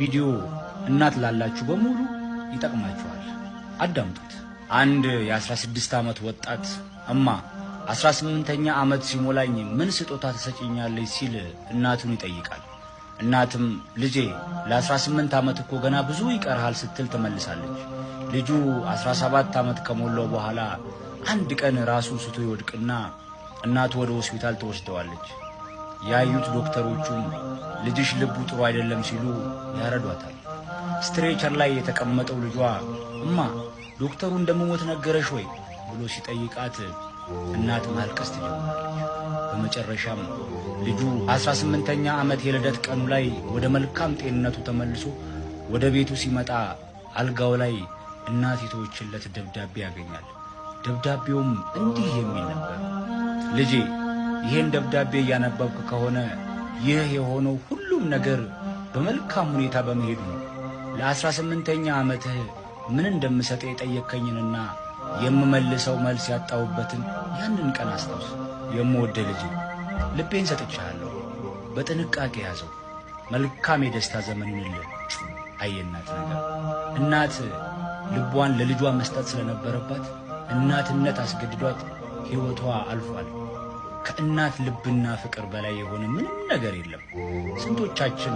ቪዲዮ እናት ላላችሁ በሙሉ ይጠቅማችኋል። አዳምጡት። አንድ የ16 ዓመት ወጣት እማ 18ኛ ዓመት ሲሞላኝ ምን ስጦታ ትሰጪኛለች ሲል እናቱን ይጠይቃል። እናትም ልጄ ለ18 ዓመት እኮ ገና ብዙ ይቀርሃል ስትል ትመልሳለች። ልጁ 17 ዓመት ከሞላው በኋላ አንድ ቀን ራሱን ስቶ ይወድቅና እናቱ ወደ ሆስፒታል ትወስደዋለች። ያዩት ዶክተሮቹም ልጅሽ ልቡ ጥሩ አይደለም ሲሉ ያረዷታል። ስትሬቸር ላይ የተቀመጠው ልጇ እማ ዶክተሩ እንደምሞት ነገረሽ ወይ ብሎ ሲጠይቃት እናት ማልቀስ ትጀምራለች። በመጨረሻም ልጁ አስራ ስምንተኛ ዓመት የልደት ቀኑ ላይ ወደ መልካም ጤንነቱ ተመልሶ ወደ ቤቱ ሲመጣ አልጋው ላይ እናቲቶችለት ደብዳቤ ያገኛል። ደብዳቤውም እንዲህ የሚል ነበር ልጄ ይህን ደብዳቤ እያነበብክ ከሆነ ይህ የሆነው ሁሉም ነገር በመልካም ሁኔታ በመሄዱ ነው። ለአስራ ስምንተኛ ዓመትህ ምን እንደምሰጠ የጠየከኝንና የምመልሰው መልስ ያጣሁበትን ያንን ቀን አስታውስ። የምወደ ልጅ ልቤን ሰጥቻለሁ። በጥንቃቄ ያዘው። መልካም የደስታ ዘመን ይሁንልህ። አየናት ነገር እናት ልቧን ለልጇ መስጠት ስለነበረባት እናትነት አስገድዷት ሕይወቷ አልፏል። ከእናት ልብና ፍቅር በላይ የሆነ ምንም ነገር የለም። ስንቶቻችን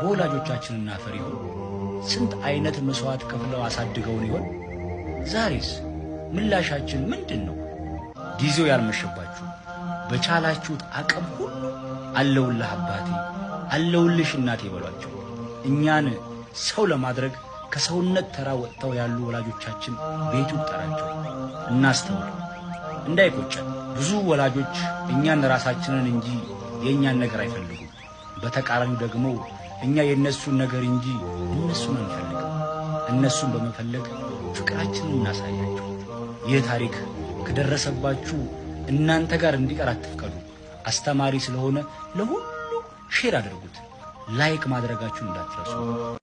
በወላጆቻችን እናፈር ይሆን? ስንት አይነት መስዋዕት ከፍለው አሳድገውን ይሆን? ዛሬስ ምላሻችን ምንድን ነው? ጊዜው ያልመሸባችሁ በቻላችሁት አቅም ሁሉ አለውልህ አባቴ፣ አለውልሽ እናቴ በሏቸው። እኛን ሰው ለማድረግ ከሰውነት ተራ ወጥተው ያሉ ወላጆቻችን ቤቱ ጠራቸው እናስተውል። እንዳይቆጨን። ብዙ ወላጆች እኛን ራሳችንን እንጂ የእኛን ነገር አይፈልጉም። በተቃራኒው ደግሞ እኛ የእነሱን ነገር እንጂ እነሱን አንፈልግም። እነሱን በመፈለግ ፍቅራችንን እናሳያቸው። ይህ ታሪክ ከደረሰባችሁ እናንተ ጋር እንዲቀር አትፍቀዱ። አስተማሪ ስለሆነ ለሁሉ ሼር አድርጉት። ላይክ ማድረጋችሁን እንዳትረሱ።